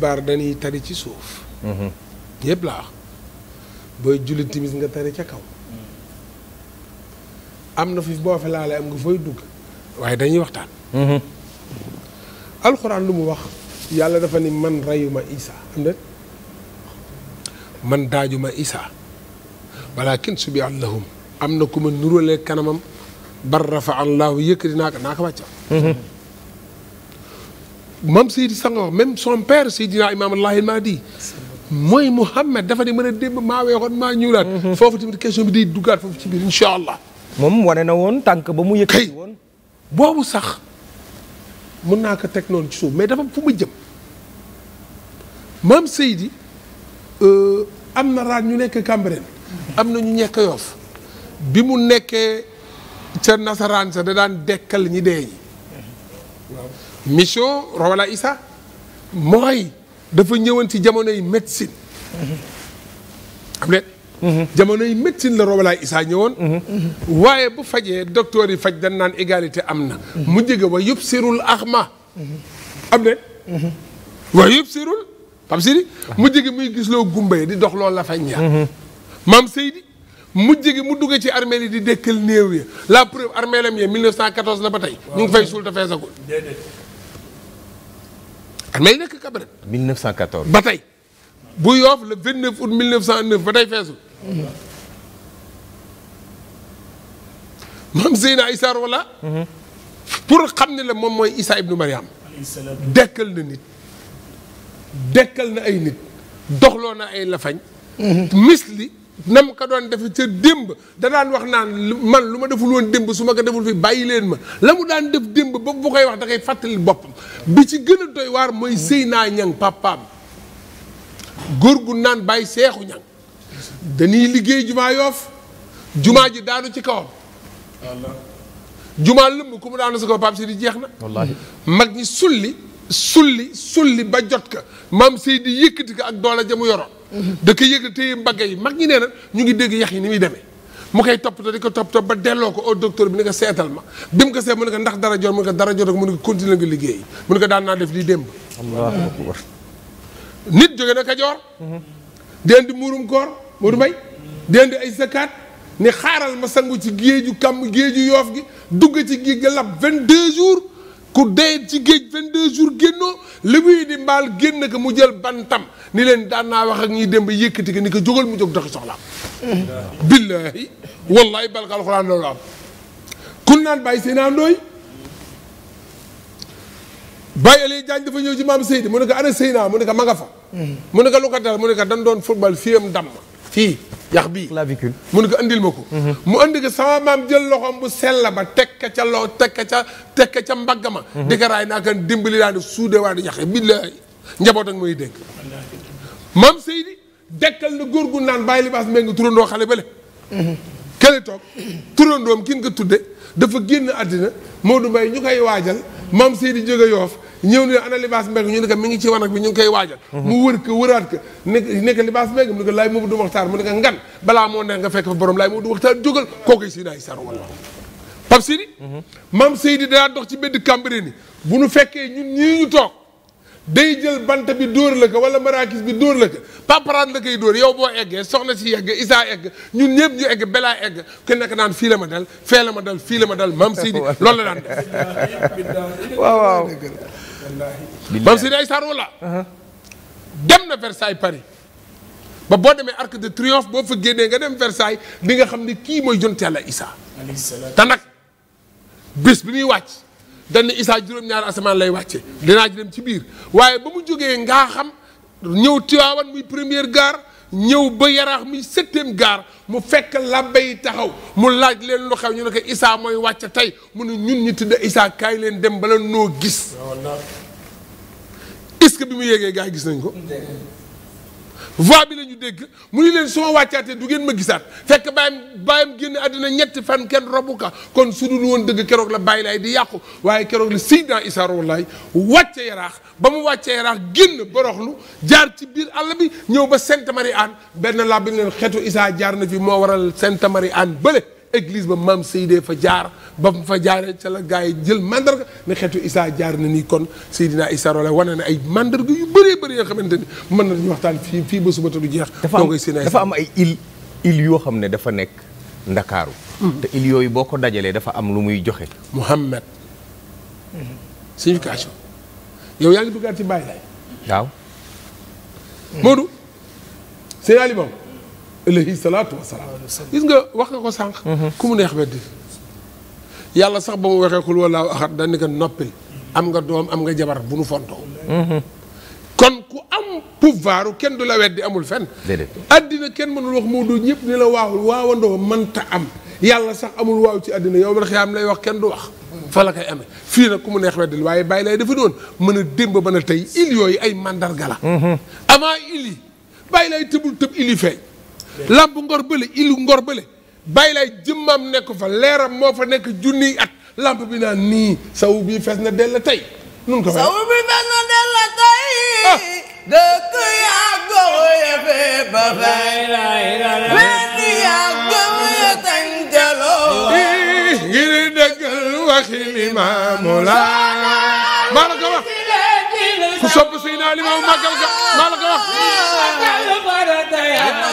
tisbaar dañuy tari ci suuf. Mhm. yëpp laa wax booy julli timis nga tari ca kaw. am na fi boo fi laalee am nga fooy dugg waaye dañuy waxtaan. Mhm. alxuraan lu mu wax yàlla dafa ni man rayuma isa man daajuma isa walakin subi allahum am na ku ma nuralee kanamam bar rafa allahu yëkkati naa ko naa ko wàccal mhm. mam Seydi Senghor même son père Seydina Imam Allahil Mahdi mooy Mouhamed dafa ne mën a démb maa weexoon maa ñuulaat mhm. foofu tamit question bi day duggaat foofu ci biir incha allah moom wane na woon tànk ba mu yëkkati woon boobu sax mën naa ko teg noonu ci suuf mais dafa fu mu jëm maam Seydi euh, am na raat ñu nekk Cambérène am na ñu nekk Yoff bi mu nekkee ca nasaraan sa da daan dekkal ñi dee ñi mhm. mission Rawala Issa mooy dafa ñëwoon ci jamono yi médecine xam leen jamono yi médecine la Rawala Issa ñëwoon waaye bu fajee docteur yi faj dañ naan égalité am na mu jege wa yëpp sirul axma am leen wa yëpp sirul pam siri mu jege muy gisloo gumba yi di dox loolu la fa ñaar maam Seydi mujj gi mu dugg ci armée yi di dëkkal néew yi la preuve armée lam ya 1914 la ba tey ñu ngi fay suul te feesagul at may nekk cabaret. 1914 ba tey. bu yoof le 29 août 1909 ba tey feesul. maam Zeyna Isaar wala. pour xam ne la moom mooy Isa ibnu Mariam. dekkal na nit. dekkal na ay nit. doxloo na ay lafañ. Mhm. misli. nam ka doon def ca démb da daan wax naan man lu ma deful woon démb su ma ko deful fi bàyyi leen ma la mu daan def démb ba bu koy wax da koy fàttali boppam bi ci gën a doy waar mooy sëy naa ñang papaam góor gu naan bàyyi seexu ñang dañuy liggéey jumaa yoof jumaa ji daanu ci kawam jumaa lëmb ku mu daanu sa kaw paam si di jeex na mag ñi sulli sulli sulli ba jot ka maam Seydi yëkkati ko ak doole ja mu yoroon. da ko yëkkati téye mbagg yi mag ñi nee na ñu ngi dégg yax yi ni muy demee. mu koy topp di ko toppatoo ba delloo ko au docteur bi ni ko seetal ma bi mu ko seet mu ndax dara jot mu ne ko dara jot mu ne ko continuer nga liggéey mu ne ko daan naa def di démb. nit jóge na Kajoor. di andi muurum koor Mourou Mbaye di andi ay zakat ni xaaral ma sangu ci géeju kàmm géeju yoof gi dugg ci géej ga lab 22 jours. ku dee ci géej 22 jours génnoo li muy di mbaal génn ko mu jël bantam ni leen daan naa wax ak ñiy dem ba yëkkati ko ni ko jógal mu jóg doxi soxlaam. billahi wallahi balka alxuraan loolu am. kun naan bàyyi seen andooy bàyyi Aliou Diagne dafa ñëw ci maam Seydi mu ne ko ana Seyna mu ne ko ma nga fa. Mm-hmm. mu ne ko lu ko dal mu ne ko dañ doon football fii am damm. fii yax bii clavicule mun nga andil ma ko mhm. mu andi ko sama maam jël loxoom bu sella ba tekka ca loo tekka ca tekka ca mbagga ma mhm. di ko raay naa kan dimbali daa ne suude waa di yaxe billaahi njaboot ak mooy dégg maam Seydi dekkal na góor gu naan bàyyi libaas mbéy nga turandoo xale bële mhm. kële toog turandoom kin ko tudde dafa génn àddina du Mbaye ñu koy waajal maam Seydi jóge Yoof ñëw ne ana libaas mbeg ñu ne ko mi ngi ci wanag bi ñu ngi koy waajal mhm. mu wër ko wëraat ko nekk nekk libaas mbeg mu ne laay moobu du waxtaan mu ne ngan balaa moo neex nga fekk fa borom laay moobu du waxtaan jógal kookoy si naay saro wala Pape Seydi maam mhm. Seydi daa dox ci beddi Cambérène ni bu nu fekkee ñun ñii ñu toog day jël bant bi dóor la ko wala marakis bi dóor la ko paparaan na koy dóor yow boo eggee soxna si yegg isaa egg ñun ñëpp ñu egg belaa egg ku nekk naan fii la ma dal fee la ma dal fii la ma dal maam Sidi loolu la daan def waaw waaw maam Sidi ay saar wala dem na Versailles Paris ba boo demee arc de triomphe boo fa génnee nga dem Versailles li nga xam ne kii mooy jont yàlla isaa te nag bis bi muy wàcc dañ isaa juróom-ñaari asamaan lay wàcce dinaa ji dem ci biir waaye ba mu jógee ngaa xam ñëw Tiwaawan muy première gare ñëw ba yaraax muy septième gare mu fekk làbbe yi taxaw mu laaj leen lu xew ñu ne ko isaa mooy wàcc tey mu ne ñun ñu tudd isaa kaay leen dem bala noo gis est-ce que bi mu yéegee gaa gis nañ ko voix bi la ñu dégg mu ni leen suma ma wàccaatee du ngeen ma gisaat fekk bàyyam bàyyam génn àddina ñetti fan kenn robu ka kon su dul woon dëgg keroog la bàyyi laay di yàqu waaye keroog la Seydina Issa Rouhou Laye wàcce yaraax ba mu wàcce yaraax génn boroxlu jaar ci biir àll bi ñëw ba Sainte Marie Anne benn laa bi leen xeetu Issa jaar na fi moo waral Sainte Marie Anne bële église ba maam Seydee fa jaar ba mu fa jaaree ca la gaa yi jël mandarga ne xeetu Isaa jaar na nii kon Seydina Isaa roole wane na ay màndar yu bëree bëri yoo xamante ni mën nañu waxtaan fii fii ba suba te du jeex. dafa am ay île île yoo xam ne dafa nekk Ndakaaru. Hmm. te boo ko dajalee dafa am lu muy joxe. Muhammad signification yow yaa ngi duggaat ci Baye Laye. waaw. Modou. Seydina Limamou. alayhi salaatu wasalaam gis nga wax nga ko sànq ku mu neex weddi yàlla sax ba mu waxee xul walaahu axat dañ ko noppil am nga doom am nga jabar bu nu fontoo kon ku am pouvoir kenn du la weddi amul fenn addina kenn mënul wax moo du ñëpp ni la waawul waawandoo mënta am yàlla sax amul waaw ci àddina yow mal am lay wax kenn du wax fa la koy amee fii nag ku mu neex weddil waaye bàyyi lay dafa doon mën a démb ba na tey il yooyu ay mandarga la mhm. avant il yi bàyyi lay làmb ngor bële ilu ngor bële bàyyi fa leeram moo fa nekk junniy at làmp bi naan nii saw bi fees na dell tey nun ko saw bi fees na dell tey ah. dëkk yaa gox ya fee ba fay wenn yaa gox ya tanjaloo ngir dëggal waxi limaamu laa maa la ko ku sopp Seydina Limaamu màggal ga maa la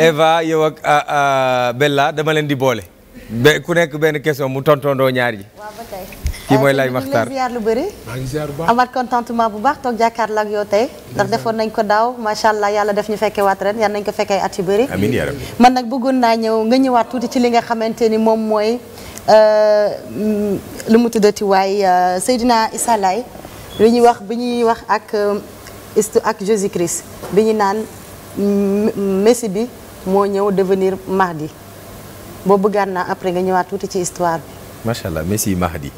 Eva yow ak ah, ah, Bella dama leen di boole. be ku nekk benn question mu tontondoo ñaar ji. waaw ba tey. kii mooy euh, lay maxtaar ziar lu bëri. amaat contentement bu baax toog jàkkaarloo ak yow tey. ndax defoon nañ ko daaw macha allah yàlla def ñu fekkee waat ren yal nañ ko fekkee at yu bëri. man nag bëggoon naa ñëw nga ñëwaat tuuti ci li nga xamante ni moom mooy euh, lu mu tuddati waay euh, Seydina Issa lu ñuy wax bi ñuy wax ak. ist ak Jésus Christ bi ñu naan messi bi moo ñëw devenir Mahdi boo bëggaan naa après nga ñëwaat tuuti ci histoire bi. macha allah messi Mahdi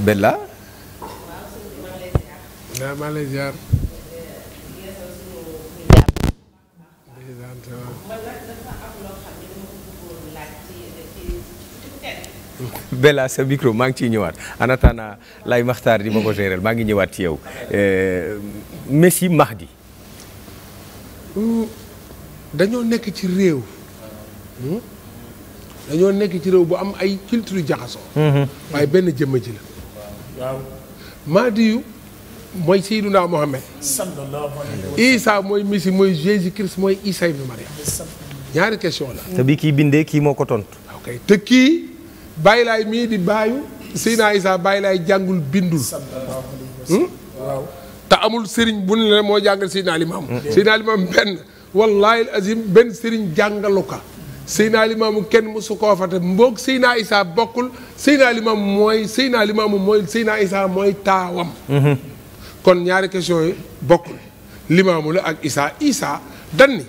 Bella. waaw maa lay ziar. sa micro maa ngi ciy ñëwaat en attendant lay maxtaar di ma ko maa ngi ñëwaat ci yow. Euh, Messi Mahdi. Euh, dañoo nekk ci réew. Hmm? dañoo nekk ci réew bu am ay culture jaxasoo. Hmm. waaye benn jëmm ji la. waaw Mahdi mooy Seydunaa Mohamed. sallallahu mooy Messi mooy Jésus Christ mooy Isa ibn Maryam. ñaari question la. te bi kii bindee kii moo ko tontu. ok te kii bàyyi mii di baayu Seydina Isa bàyyi jàngul bindul. Hmm? waaw. te amul sëriñ bu ne la moo jàngal Seydina Limaamu Seydina Limaamu benn wallaahi azim benn sëriñ jàngalu ka Seydina Limaamu kenn mosu koo fate mboog Seydina Isaa bokkul Seydina Limaamu mooy Seydina Limaamu mooy Seydina Isaa mooy taawam mm-hmm. kon ñaari question yi bokkul limaamu la ak Isaa Isaa danni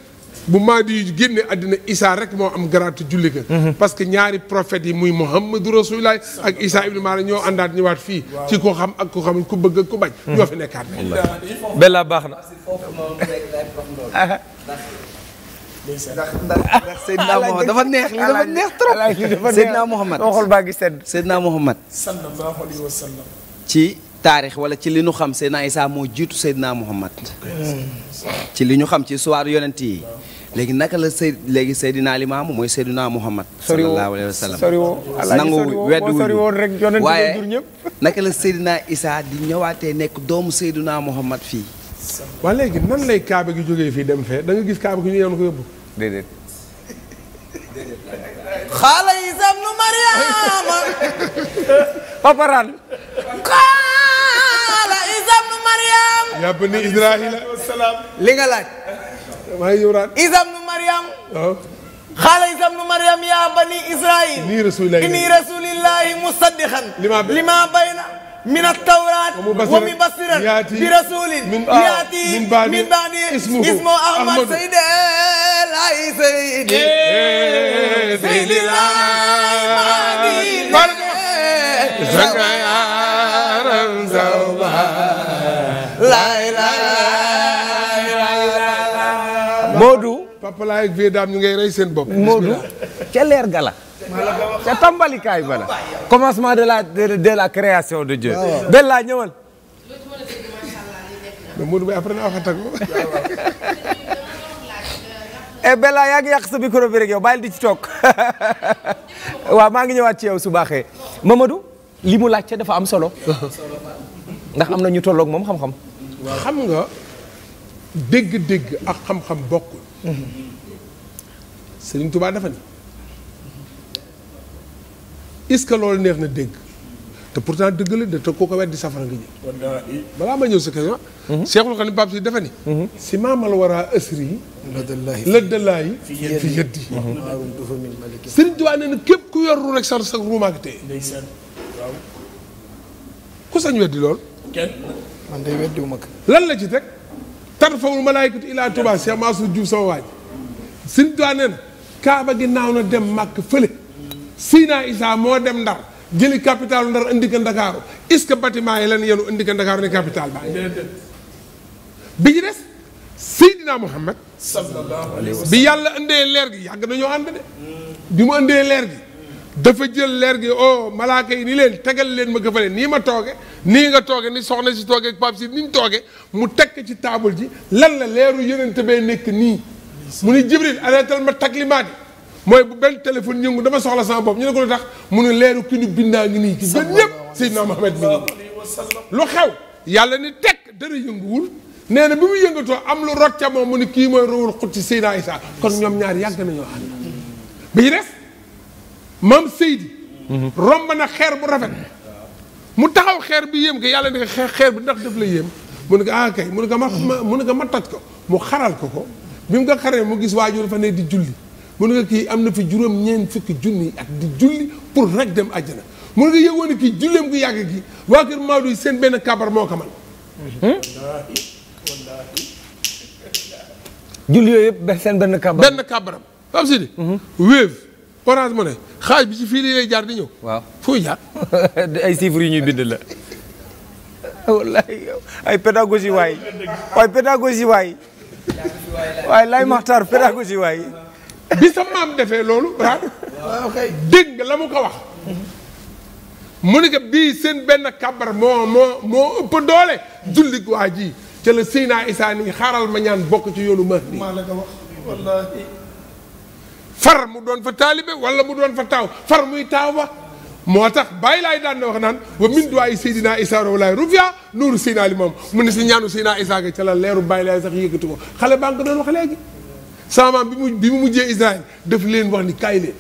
bu Mahdi yu génne àddina Isa rek moo am garaatu julli ga mhm. parce que ñaari prophètes yi muy Muhammadu Rasulullah ak Isa ibnu Maryam ñoo àndaat ñëwaat fii ci ko xam ak ko xam ku bëgg ak ku bañ mhm. ñoo fi nekkaat bella baax na ndax ah, ndax dafa neex li dafa neex trop Seydina Mohamed ci taarix wala ci li ñu xam Seydina Isa moo jiitu Seydina Mohamed ci li ñu xam ci histoire yonent yi léegi naka la sëy léegi Seydina Limaamu mooy Seydina Muhammad sallallahu alayhi wa waaye naka la Seydina Isa di ñëwaatee nekk doomu Seydina Muhammad fii waa léegi nan lay kaaba gi jógee fii dem fee da nga gis kaaba gi ñu yoon ko yóbbu xaala Isa nu Mariama paparaan xaala Isa nu Mariam yaa bani Israila li nga laaj maa ngi Imraan isam nu Mariam. waaw. xaala isam nu Mariam yaa bani Israil. inni rasulillahi inni rasulillahi musaddiqan. lima bayna. min at-tawraat wa mubashiran bi rasulin yaati min ba'di ismuhu Ahmad Seydi Laay Seydi Seydi Laay Maadi Modou Papa Laye ak Vieux ngay rey seen bopp. Modou ca leer gala. ca tàmbalikaay bala. commencement de la de, la création de Dieu. Ah, waaw Bella ñëwal. Modou e Bella yaa ngi yàq sa micro bi rek yow bàyyil di ci toog waaw maa ngi ñëwaat ci yow su baaxee Mamadou li mu laajte dafa am solo. ndax am na ñu tolloog moom xam-xam. dégg-dégg ak xam-xam bokkul. Mm-hmm. Serigne Touba dafa ni est-ce que loolu neex na dégg te pourtant dëgg la de te koo ko weddi safara nga ñëw. balaa ma ñëw sa question. Mm-hmm. Cheikhul Khadim Pape si dafa ni. Mm-hmm. si maamal waraa asri. lëddalaay fi yëddi Serigne Touba nee na képp ku yor rek sax sax ruumaag tey. ku sañ weddi lool. kenn man day lan la ci teg. tarfawul malaayikatu ilaa Touba Cheikh Mansour Diouf sama waaj Sëriñ na Kaaba gi naaw na dem màkk fële Sina Isa moo dem Ndar jëli capital Ndar indi ko Ndakaaru est-ce que bâtiment yi lan yenu indi Ndakaaru ne capital baa ngi bi ci des Seydina Muhammad bi yàlla indee leer gi yàgg nañoo ànd de bi mu indee leer gi dafa jël leer gi oh malaaka yi ni leen tegal leen ma gëfale nii ma tooge nii nga tooge ni soxna si tooge ak Pape si ni ñu tooge mu tekk ci taabul ji lan la leeru yonent bee nekk nii mu ni Jibril arrêtal ma taklimaat yi mooy bu benn téléphone yëngu dama soxla sama bopp ñu ne ko lu tax mu ne leeru ki nu bindaa ngi nii ki gën ñëpp Seydina Mohamed mi lu xew yàlla ni tekk dara yënguwul nee na bi mu yëngatoo am lu rot ca moom mu ni kii mooy ruwul xut ci Seydina Isa kon ñoom ñaar yàgg nañoo ànd bi maam Seydi. Mhm. romb na xeer bu rafet. mu taxaw xeer bi yéem ko yàlla ne ko xeer bi ndax def la yéem mu ne ko ah kay mu ne ma mu ne ko ma toj ko mu xaral ko ko bi mu ko xaree mu gis waajur fa ne di julli mu ne kii am na fi juróom ñeent fukki junni at di julli pour rek dem àjjana mu ne ko kii gu yàgg gi waa kër Maodo yi moo ko man hmm? julli yooyu yëpp seen benn kabaram benn kabaram fam si di mhm. wéev orange mone ne bi si fii lay jaar di ñëw. waaw fooy jaar. ay chiffres yu ñuy bind la. wallaay ay pédagogie waay waay pédagogie waay. waay lay maxtaar pédagogie waay. bi sa maam defee loolu. waaw kay dégg la mu ko wax. mu bii seen benn kabar moo moo moo doole. jullit waa ji ca la Seyna Issa ni xaaral ma ñaan bokk ci yoonu ma. maa far mu doon fa taalibe wala mu doon fa taaw far muy taaw ba moo tax bàyyi laay daan ne wax naan wa min duwaay Seydina Issa rawlaay rufia nuuru Seydina moom mu ne si ñaanu Seydina Issa ga ca la leeru bàyyi laay sax yëkkati ko xale baa nga doon wax léegi sama maam bi mu bi mu mujjee Israël daf leen wax ni kaay leen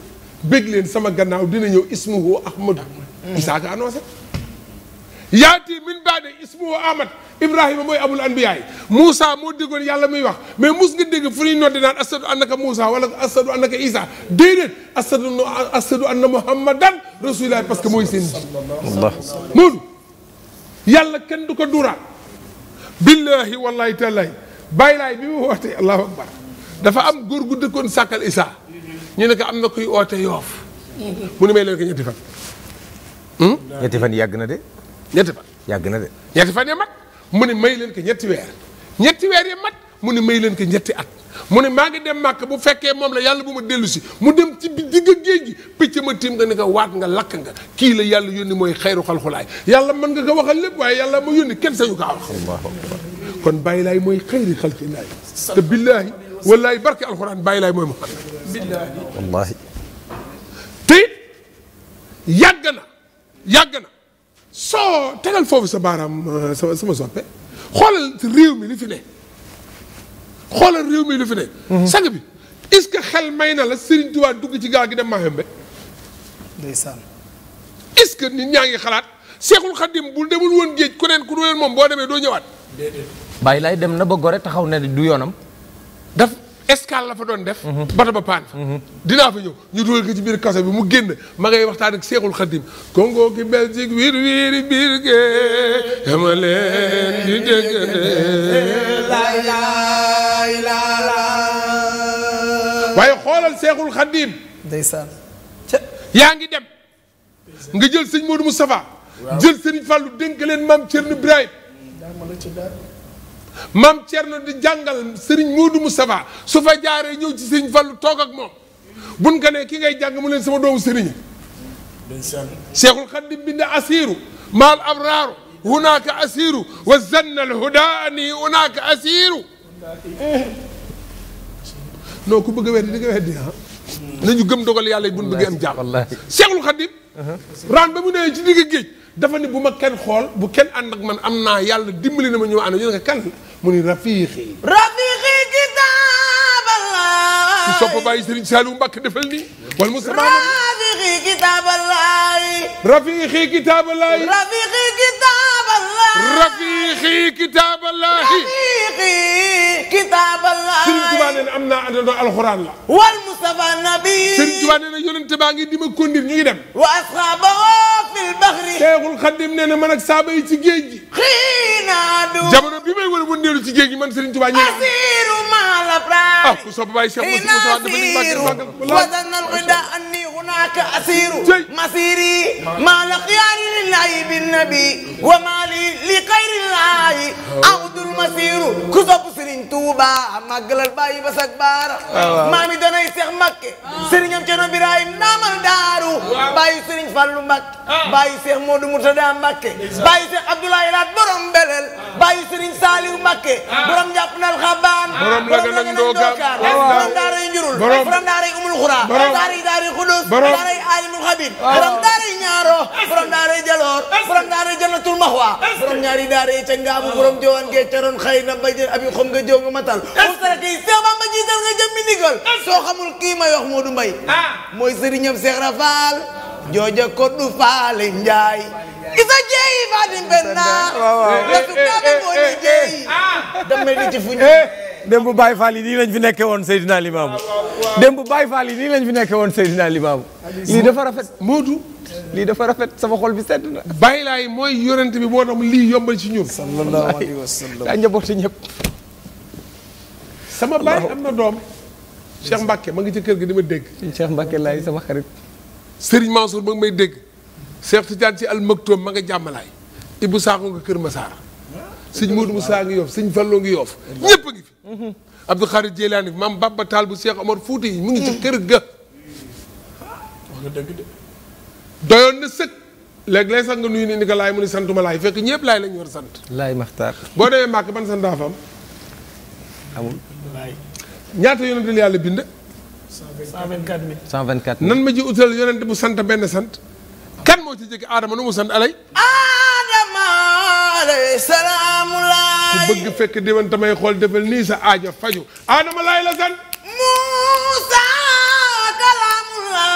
bég leen sama gannaaw dina ñëw ismuhu Ahmadu Issa a annoncé yaati min baade ismuhu ahmad ibrahima mooy abul anbiyaay moussa moo déggoon yàlla muy wax mais mus nga dégg fu ñuy nodde naan asadu annaka moussa wala asadu annaka isa déedéet asadu asadu anna muhammadan rasulillah parce que mooy seen bi yàlla kenn du ko duuraat billahi wallahi tallahi bàyyi bi mu wootee allahu akbar dafa am góor gu dëkkoon sàkkal isa ñu ne ko am na yoof mm-hmm. mu ne may leen ko ñetti hmm? yàgg na de ñetti fan. yàgg na de. ñetti fan ya mat mu ne may leen ko ñetti weer ñetti weer ya mat mu ne may leen ko ñetti at mu ne maa ngi dem màkk bu fekkee moom la yàlla bu ma dellu si mu dem ci digg géej gi picc ma tiim nga ne ko waat nga lakk nga kii la yàlla yónni mooy xayru xalxulaay yàlla mën nga ko waxal lépp waaye yàlla ma yónni kenn sañu kaa wax. kon bàyyi laay mooy xayri xalxilaay. te billaahi wallaahi barke alxuraan bàyyi laay mooy Muhammad. billaahi wallaahi. te yàgg na yàgg na. soo tegal foofu sa baaraam euh, sama sama soppe xoolal réew mi lu fi ne xoolal réew mi lu fi ne. Mhm. sang bi est-ce que xel may na la Serigne Touba dugg ci gaa gi dem Mahembe. ndeysaan. est-ce que nit ñaa ngi xalaat Seexul Xadim bu demul woon géej ku neen ku dul woon moom boo demee doo ñëwaat. déedéet. bàyyi laay dem na ba gore taxaw ne du yoonam. daf escale la fa doon def. bato ba paan fa. dinaa fa ñu dugal ko ci biir kaso bi mu génn ma ngay waxtaan ak Seexul Xadim Congo ki Belgique wiir wiiri biir gee dama leen di dégg waaye Seexul Xadim. yaa ngi dem. nga jël sëñ Modou Moustapha. jël sëriñ Fallou dénk leen maam Thierno maam Thierno di jàngal Serigne mu Moustapha su fa jaaree ñëw ci Serigne Fallou toog ak moom buñ ko ki ngay jàng mu leen sama doomu Serigne. Cheikhul Khadim bind asiiru maal abraaru hunaaka asiiru wa zannal hudaani hunaaka asiiru non ku bëgg a weddi di nga weddi ah. gëm dogal yàlla yi buñ bëggee am jàmm. wallaahi Cheikhul uh-huh. raan ba mu nee ci digg dafa ne bu ma kenn xool bu kenn ànd ak man am naa yàlla dimbali na ma ñu ma ànd ñu ne ko kan mu ni rafiixi rafiixi kitaab allah. ku sopp bàyyi Serigne Saliou Mbacke defal nii. wala mu sama rafiixi kitaab allah. rafiixi kitaab allah. rafiixi kitaab allah. rafiixi kitaab allah. rafiixi kitaab allah. Serigne Touba nee na am naa àndandoo alxuraan la. wal Mustafa nabi. Serigne Touba nee na yonente baa ngi di ma kondir ñu ngi dem. wa asxaabahu fil baxri Seexul Xadim nee na man ak saaba yi ci géej gi. xiinaadu jamono bi may wër wëndeelu ci géej gi man Serigne Touba ñëw. الأبرار هنا سير وزن الغداء أني هناك أسير مسيري ما لقيان لله بالنبي وما لي لغير الله أعود المسير كسب سرين توبا مقلل باي بسك بار مامي دناي سيخ مكة سرين يمكن برايم نامل دارو باي سرين فالو مكة باي سيخ مودو مرتدى مكة باي سيخ عبد الله إلاد برم بلل باي سرين سالي مكة برم جابنا الخبان برم لغنا nañ ndooka borom daara yi njurul borom daara yi umul xura borom daara yi daara yi xudus borom daara yi alimul xabir borom daara yi ñaaro borom daara yi jaloor borom daara yi jannatul maxwa borom ñaari daara yi ca ngaabu borom jowaan gee caroon xëy na ba jël abi xom nga jow nga matal ustarati Seex Bamba jiital nga jëm mi ndigal soo xamul kii may wax Modou Mbaye ah. mooy sëriñam Seex Rafal jooja ko du faale njaay isa jeeyi fatim benna dasu eh, eh, kaaba eh, moo ah. ni jeeyi damay di ci fuñu démb Baye Fall yi nii lañ fi nekke woon Seydina Limaamu démb Baye Fall yi nii lañ fi nekke woon li Limaamu lii dafa rafet Moodu lii dafa rafet sama xol bi sedd na Baye Laay mooy yonent bi moo tax lii yombal ci ñun sallallahu alayhi wa sallam daa njabooti ñëpp sama baay am na doom Cheikh Mbacke ma ngi ci kër gi di ma dégg Cheikh Mbacke laay sama xarit Serigne Mansour ma ngi may dégg Cheikh Tidiane si Al Maktoum ma nga jàmmalaay Ibou Sakho nga Kër Massar sëñ Modou Moussa ngi yoof sëñ Fallou ngi yoof ñëpp a ngi fi Abdou Khadir Jeylaani fi maam Baba Taal bu seex Omar Fouti yi mu ngi ci kër ga nga dëgg doyoon na sëkk léeg-léeg sax nga nuyu ne ni ko laay mu ni santuma laay fekk ñëpp laay la ñu war sant laay maxtaar boo demee màkk ban santaa fa am amul ñaata yonental yàlla bind 124 000 124 000 nan ma ji utal yonent bu sant benn sant kan moo ci jëkk aadama nu mu sant alay ah! ku bëgg fekk déwén tamay xool defal nii sa aajo faju Adama laay la san Moussa Kalamullah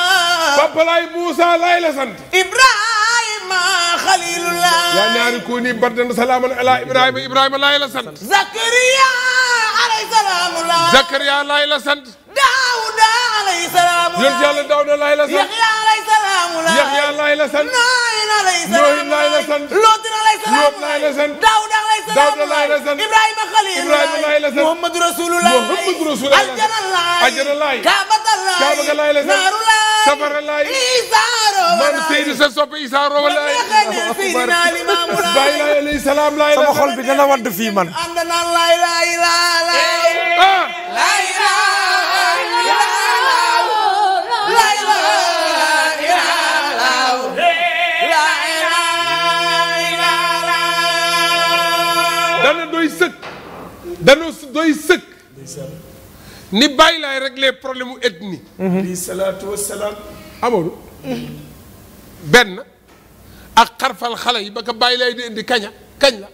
Papa laay Moussa laay la sant Ibrahima Khalilullah yaa ñaari koo nii bardan salaaman ala Ibrahima Ibrahima laay la sant Zakaria alay salaamullah Zakaria laay la sant Daouda alay salaamullah yonent yàlla Daouda laay la sant Limaamu Laay. Yaxya Laay la sant. Nooy la lay sant. Nooy Laay la sant. Loot la lay sant. Loot Laay la sant. Daawda lay sant. Daawda Laay la sant. Ibrahima Xaliil Ibrahima Laay la sant. Muhammadu Rasulullaay. Muhammadu Rasulullaay. Aljana Laay. Aljana Laay. Kaabata Laay. Kaabata Laay la sant. Naaru Laay. Safara Laay. Isaaro Laay. Man Seydi sa soppe Isaaro Laay. Seydina Limaamu Laay. Baay Laay alayhi salaam Laay la. Sama xol bi dana wadd fii man. Ànd naan Laay Laay Laay eh! Laay. Laay Laay. doy sëkk danoo doy sëkk ni bàyyi laay problème mu ethnie lii salaatu wasalaam benn ak xarfal xale yi ba ko bàyyi laay di indi kaña kañ la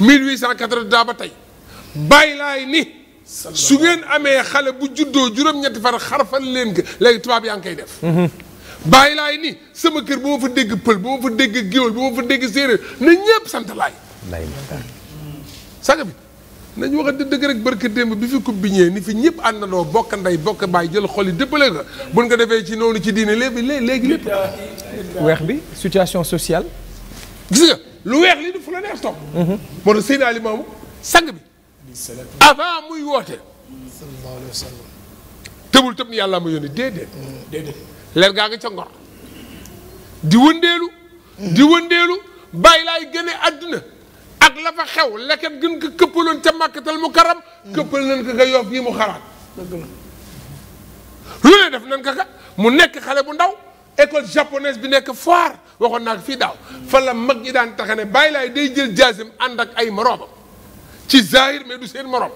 1880 daa ba tey bàyyi laay ni su ngeen amee xale bu juddoo juróom-ñetti far xarfal leen ko léegi tubaab yaa ngi koy def mhm. bàyyi laay ni sama kër bu ma fa dégg pël bu ma fa dégg géwél bu ma fa dégg séeréer na ñépp sant laay saga bi nañu wax dëgg rek barke démb bi fi coupe bi ñëwee ni fi ñëpp àndandoo bokk ndey bokk baay jël xol yi dëppale ko bu ci noonu ci diine léegi léegi lépp. weex bi situation sociale. gis nga lu weex li du fu la neex topp. Mhm. moo tax Seydina Ali Maamu sang bi. avant muy woote. tëbul tëb ni yàlla ma yónni déedéet. déedéet leer gaa nga ca ngor. di wëndeelu. di wëndeelu bàyyi laay gëne àdduna. ak la fa xew leket gën ko këppaloon ca màkkatal mu karam këppal nañ ko nga yoof yi mu xalaat lu ne def nañ ko mu nekk xale bu ndaw école japonaise bi nekk foire waxoon naa ko fii daaw fa la mag ñi daan taxane bàyyi laay day jël jaasim ànd ak ay moroomam ci zahir mais du seen moroom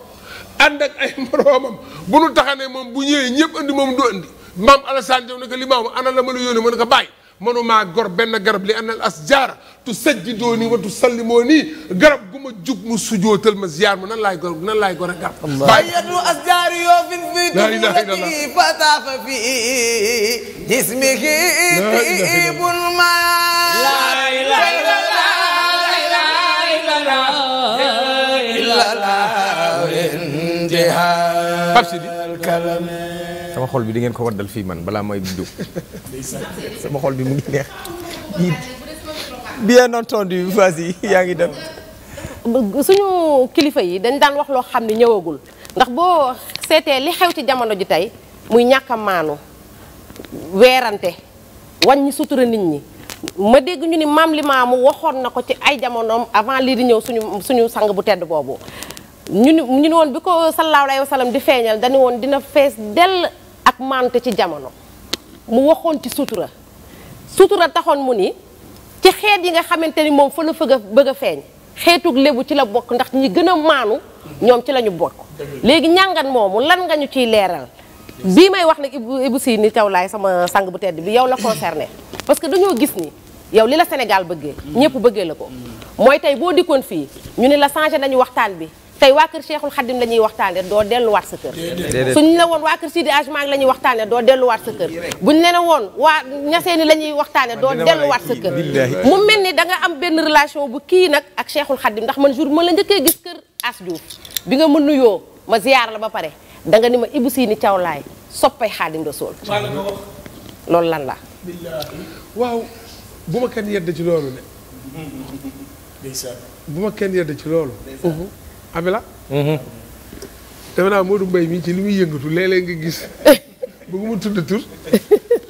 ànd ak ay moroomam bu nu taxa moom bu ñëwee ñëpp andi moom du andi maam Alassane Diop ne ko limaamu ana la ma la yónnee ma ko bàyyi mënumaa gor benn garab li anal asjaar tu sajjidoo nii wa tu sallimoo nii garab gu ma jug mu sujootal ma ziar ma nan laay gor nan laay gor a garab. alhamdulilah bayyatu asjaar yoo fi fi. laa ilaaha illallaah fataafa fi jismihi tiibul ma. laa ilaaha illallaah laa ilaaha illallaah sama xol bi di ngeen ko waddal fii man balaa may dugg sama xol bi mu ngi neex yaa ngi dem. suñu kilifa yi dañ daan wax loo xam ne ñëwagul ndax boo seetee li xew ci jamono ji tey muy ñàkk maanu weerante wàññi sutura nit ñi ma dégg ñu ni maam limaamu waxoon na ko ci ay jamonoom avant lii di ñëw suñu suñu sang bu tedd boobu ñu ni ñu ni woon bi ko sallallahu alayhi wa di feeñal dañu woon dina fees dell mante ci jamono mu waxoon ci sutura sutura taxoon mu ni ci xeet yi nga xamante ni moom fa la fëgg a bëgg a feeñ xeetug lébu ci la bokk ndax ñi gën a maanu ñoom ci la ñu bokk léegi ñàngan moomu lan nga ñu ciy leeral bii may wax nag Ibou Sy ni taw laay sama sang bu tedd bi yow la concerné parce que dañoo gis ni yow li la Sénégal bëggee ñëpp bëggee la ko mooy tey boo dikkoon fii ñu ne la changé nañu waxtaan bi tey waa kër Cheikhul Khadim la ñuy waxtaane doo delluwaat sa kër suñu la woon waa kër Sidi Hadj Malick la ñuy waxtaane doo delluwaat sa kër bu le ne woon waa ñaseeni la ñuy waxtaane doo delluwaat sa kër mu mel ni danga am benn relation bu kii nag ak seexul Khadim ndax man jour ma la njëkkee gis kër As Diouf bi nga ma nuyoo ma ziyaar la ba pare da nga ni ma Ibou Sini Thiawlaay soppay Khadim Rasoul loolu lan la waaw bu ci loolu ne bu ci loolu Abila. Mhm. defe naa Modou mbay mii ci li muy yëngatu léeg-léeg nga gis bëgguma tudd tur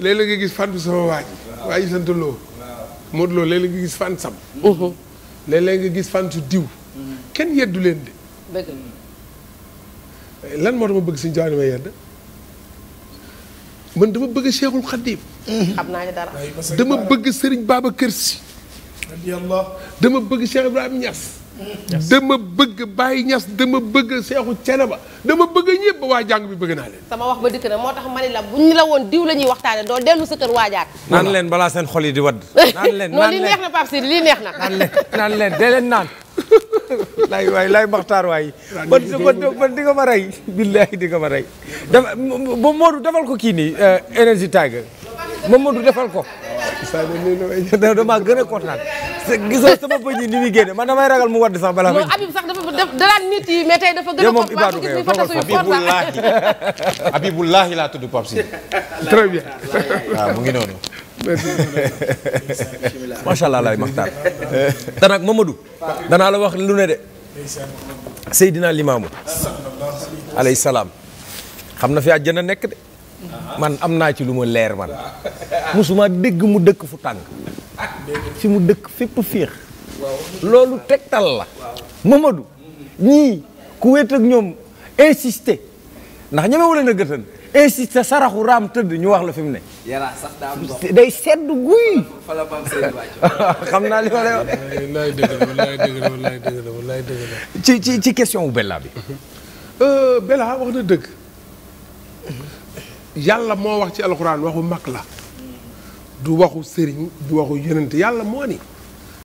léeg-léeg nga gis fan bi sama waa ji waa ji loo Modou Lo nga gis fan sam léeg-léeg nga gis fan mhm. su diw mhm. kenn yeddu leen de lan moo dama bëgg suñu jaani may yedd man dama bëgg Cheikhul Khadim xam naa ne dara dama bëgg Serigne Babacar Sy dama bëgg Cheikh Ibrahima ñas dama bëgg Baye Niass dama bëgg Seexu Ceneba dama bëgg ñëpp ba waa jàng bi bëgg naa leen sama wax ba dikk na moo tax ma ni la bu ñu la woon diw la ñuy waxtaane doo dellu sa kër waajaat naan leen balaa seen xol yi di wadd naan leen noonu lii neex na Pape Sidi neex na naan leen naan leen dee leen naan laay waay laay maxtaar waay man man di nga ma rey billahi di nga ma rey dafa moo Modou defal ko kii nii énergie tag Modou defal ko damaa gën a kontaan gisoo sama bëñ yi ni muy génne man damay ragal mu wadd sax balaa. non Habib sax laa tudd Pape Sy. waaw ah, mu ngi noonu. macha allah lay Maxtaar. dana ak Mamadou. danaa la wax lu ne de. Seydina Limaamu. alayhi salaam. xam na fi àjjana nekk de. man am naa ci lu ma leer man musuma dégg mu dëkk fu tàng fi mu dëkk fépp fiix loolu teg talla Mamadou ñii ku wéet ñoom insister ndax ñemewu leen a gëtan saraxu raam tëdd ñu wax la fi mu ne yaraa sax daa am ndox day sedd guy xam naa li ma lay wax wallaay dëgg la wallaay dëgg dëgg la ci ci question wu Bella bi euh, Bella wax na dëgg yàlla moo wax ci alxuraan waxu mag la du waxu sëriñ du waxu yonent yàlla moo ni